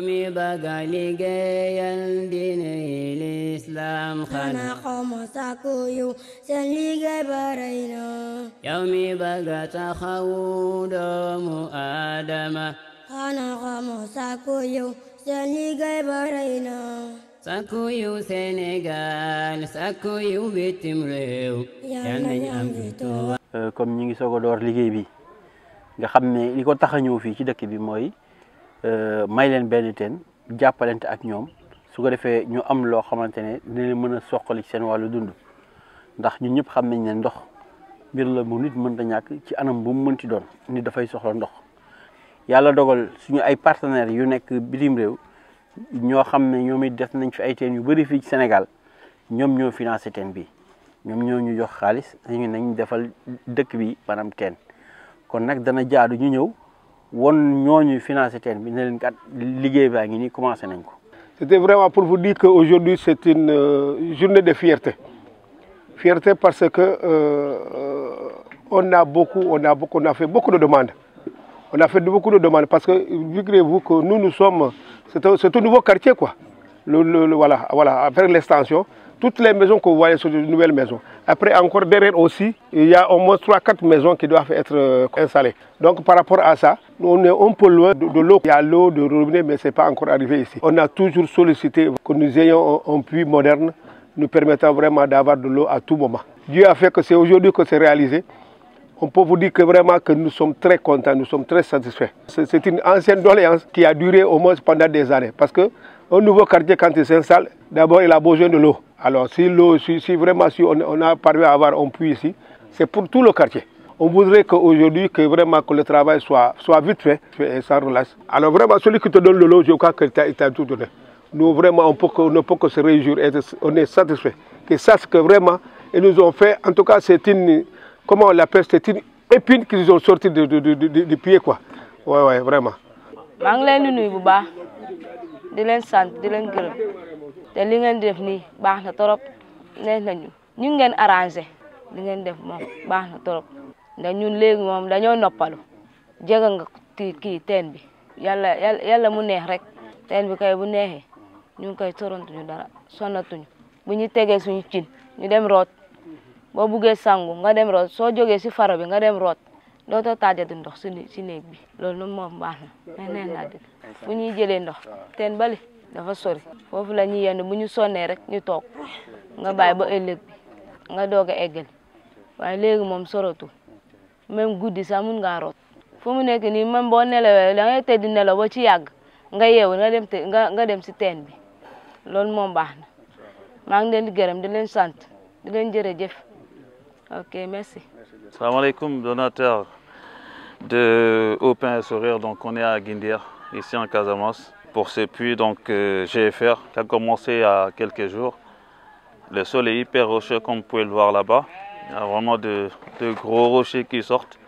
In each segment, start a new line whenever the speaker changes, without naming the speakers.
mi bëgga liggéeyal diine yi lislaam xanaa xamoo sàkku yu seen liggéey mi bëgga taxawu doomu aadama xanaa xamoo sàkku yu seen liggéey ba rëy na bitim réew
yal nañu am ñi ngi soog a door liggéey bi nga xam ne li ko tax a ñëw fii ci dëkk bi mooy Euh, may leen benn teen jàppalante ak ñoom su ko defee ñu am loo xamante ne dina mën a soqali seen wàllu dund ndax ñu ñëpp xam nañ ne ndox mbir la mu nit mënta ñàkk ci anam bu mu mënti doon nit dafay soxla ndox yàlla dogal suñu ay partenaires yu nekk bitim réew ñoo xam ne ñoom it def nañ fi ay teen yu bëri fii ci Sénégal ñoom ñoo financé teen bi ñoom ñoo ñu jox xaalis ñu nañ defal dëkk bi maanaam teen kon nag dana jaadu ñu ñëw. c'était
vraiment pour vous dire qu'aujourd'hui, c'est une euh, journée de fierté fierté parce que euh, on a beaucoup on a fait beaucoup de demandes on a fait beaucoup de demandes parce que figurez-vous que nous nous sommes c'est un, nouveau quartier quoi le, voilà voilà avec l'extension toutes les maisons que vous voyez sont de nouvelles maisons. Après, encore derrière aussi, il y a au moins 3-4 maisons qui doivent être euh, installées. Donc, par rapport à ça, on est un peu loin de, l'eau. Il y a l'eau de robinet, mais ce n'est pas encore arrivé ici. On a toujours sollicité que nous ayons un, puits moderne nous permettant vraiment d'avoir de l'eau à tout moment. Dieu a fait que c'est aujourd'hui que c'est réalisé. On peut vous dire que vraiment que nous sommes très contents, nous sommes très satisfaits. C'est une ancienne doléance qui a duré au moins pendant des années. Parce qu'un nouveau quartier, quand il s'installe, d'abord il a besoin de l'eau. Alors si l'eau, si, vraiment si on, a paru à avoir un puits ici, c'est pour tout le quartier on voudrait qu'aujourd'hui, que vraiment que le travail soit, soit vite fait, et sans relâche. Alors vraiment, celui qui te donne le lot, je crois qu'il t'a tout donné. Nous, vraiment, on, peut, on ne peut que se réjouir et on est satisfait. Qu'ils sachent que vraiment, ils nous ont fait, en tout cas, c'est une, comment on l'appelle, c'est une épine qu'ils ont sorti du de, de, de, de, pied, quoi. Ouais, ouais, vraiment.
maa ngi leen di nuyu bu baax di leen sant di leen gërëm te li ngeen def nii baax na torop neex nañu ñu ngeen arrangé li ngeen def na ndax ñun léegi moom dañoo noppalu jege nga kii kii teen bi yàlla yàlla mu neex rek teen bu neexee ñu ngi koy sorontuñu dara sonatuñu bu ñu tegee suñu cin ñu dem root boo buggee sangu nga dem root soo jógee si faro bi nga dem root dootoo taajati ndox si si néeg bi loolu moom moom baax na mais neen naa dëgg fu ñuy jëlee ndox teen bali dafa sori foofu la ñuy yendu bu ñu sonnee rek ñu toog nga bàyyi ba ëllëg bi nga doog a eggal waaye léegi moom soratu même goudi sax mën nga root fu mu nekk ni même boo nelawee da ngay tëdd nelaw ba ci yàgg nga yeewu nga dem nga nga dem si teen bi loolu moom baax na maa ngi leen di gërëm di leen sant di leen jërëjëf ok merci. Salam
salaamaaleykum donateur de Au Pain et Sourire donc on est à Guindir ici en Casamance pour ce puits donc euh, GFR qui a commencé à quelques jours. Le sol est hyper rocheux comme vous pouvez le voir là-bas. Il y a vraiment de, gros rochers qui sortent.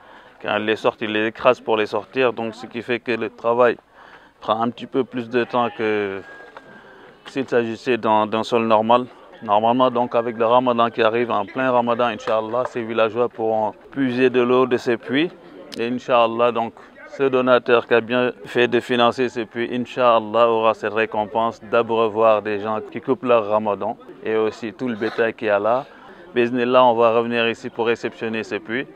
Quand ils les sortent, ils les écrasent pour les sortir. Donc, ce qui fait que le travail prend un petit peu plus de temps que s'il s'agissait d'un sol normal. Normalement, donc, avec le ramadan qui arrive, en plein ramadan, Inch'Allah, ces villageois pourront puiser de l'eau de ces puits. Et Inch'Allah, donc, ce donateur qui a bien fait de financer ces puits, Inch'Allah, aura cette récompense d'abreuvoir des gens qui coupent leur ramadan et aussi tout le bétail qui y a là là, on va revenir ici pour réceptionner ces puits.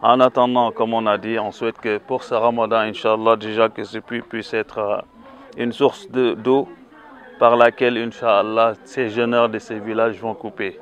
En attendant, comme on a dit, on souhaite que pour ce ramadan, Inch'Allah, déjà que ce puits puisse être euh, une source d'eau par laquelle, Inch'Allah, ces jeunes de ces villages vont couper.